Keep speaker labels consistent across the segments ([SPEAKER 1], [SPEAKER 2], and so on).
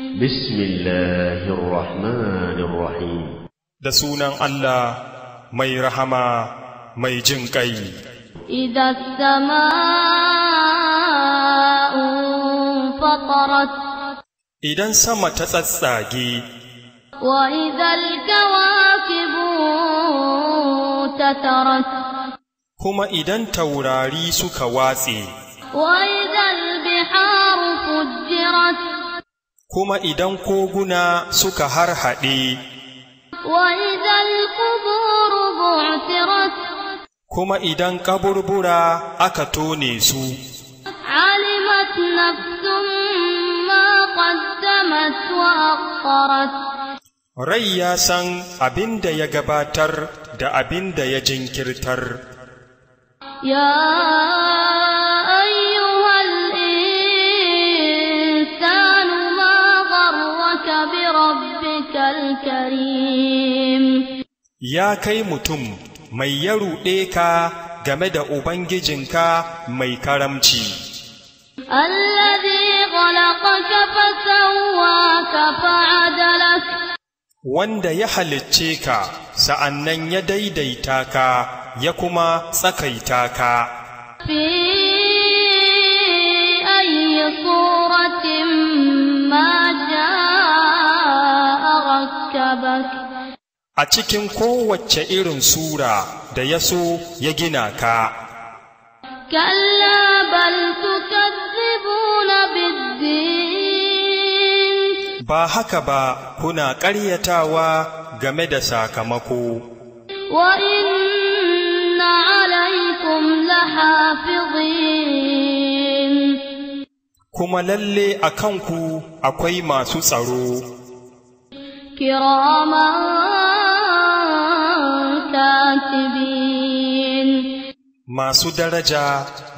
[SPEAKER 1] بسم الله الرحمن الرحيم دسونا الله مي رحمة مي جنكي
[SPEAKER 2] إذا السماء فطرت
[SPEAKER 1] إذا السماء تتساقي
[SPEAKER 2] وإذا الكواكب تترت
[SPEAKER 1] كما إذا توراري سكواسي
[SPEAKER 2] وإذا البحار فجرت
[SPEAKER 1] kuma idan koguna suka harhaɗe kuma idan ƙaburbura aka tone su
[SPEAKER 2] alimat ma
[SPEAKER 1] rai ya san abin da ya gabatar da abin da ya jinkirtar ya ya kai mutum mai ya ruɗe ka game da Ubangijinka mai karamci. Wanda ya halicce ka, sa'an nan ya daidaita ka, ya kuma tsakaita ka. a cikin kowace irin sura da ya so ya gina ka.
[SPEAKER 2] Kalla bal na
[SPEAKER 1] Ba haka ba kuna ƙaryatawa game da sakamako.
[SPEAKER 2] Wa inna alaikum lahafizin
[SPEAKER 1] Kuma lalle a kanku akwai masu tsaro.
[SPEAKER 2] Kiraman
[SPEAKER 1] masu daraja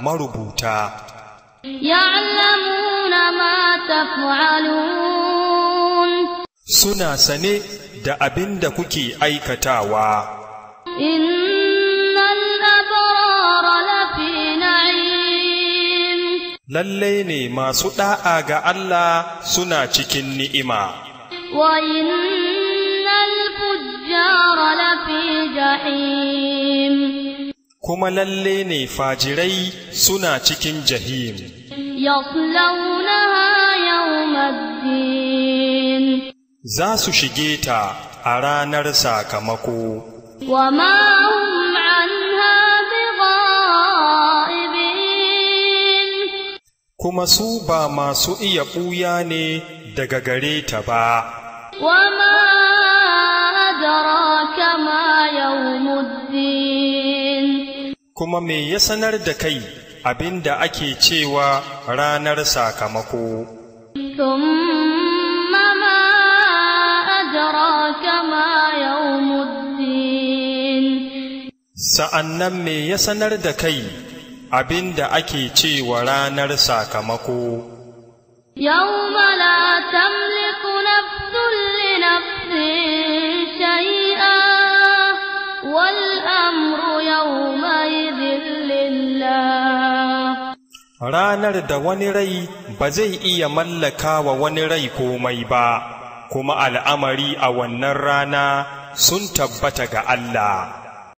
[SPEAKER 1] marubuta
[SPEAKER 2] ya'lamuna ma taf'alun
[SPEAKER 1] suna sane da abin da kuke aikatawa innal
[SPEAKER 2] abrara lafi
[SPEAKER 1] lalle ne masu ɗa'a ga Allah suna cikin ni'ima
[SPEAKER 2] wa innal fujjara lafi jahim
[SPEAKER 1] kuma lalle ne fajirai suna cikin jahim za su shige ta a ranar sakamako kuma su ba masu iya ɓuya ne daga gare ta ba
[SPEAKER 2] wama kama yau yawmud
[SPEAKER 1] kuma me ya sanar da kai abin da ake cewa ranar sakamako. Sa'an nan me ya sanar da kai abin da ake cewa ranar sakamako.
[SPEAKER 2] Yau mala
[SPEAKER 1] ranar da wani rai ba zai iya mallaka wa wani rai komai ba kuma al'amari a wannan rana sun tabbata ga Allah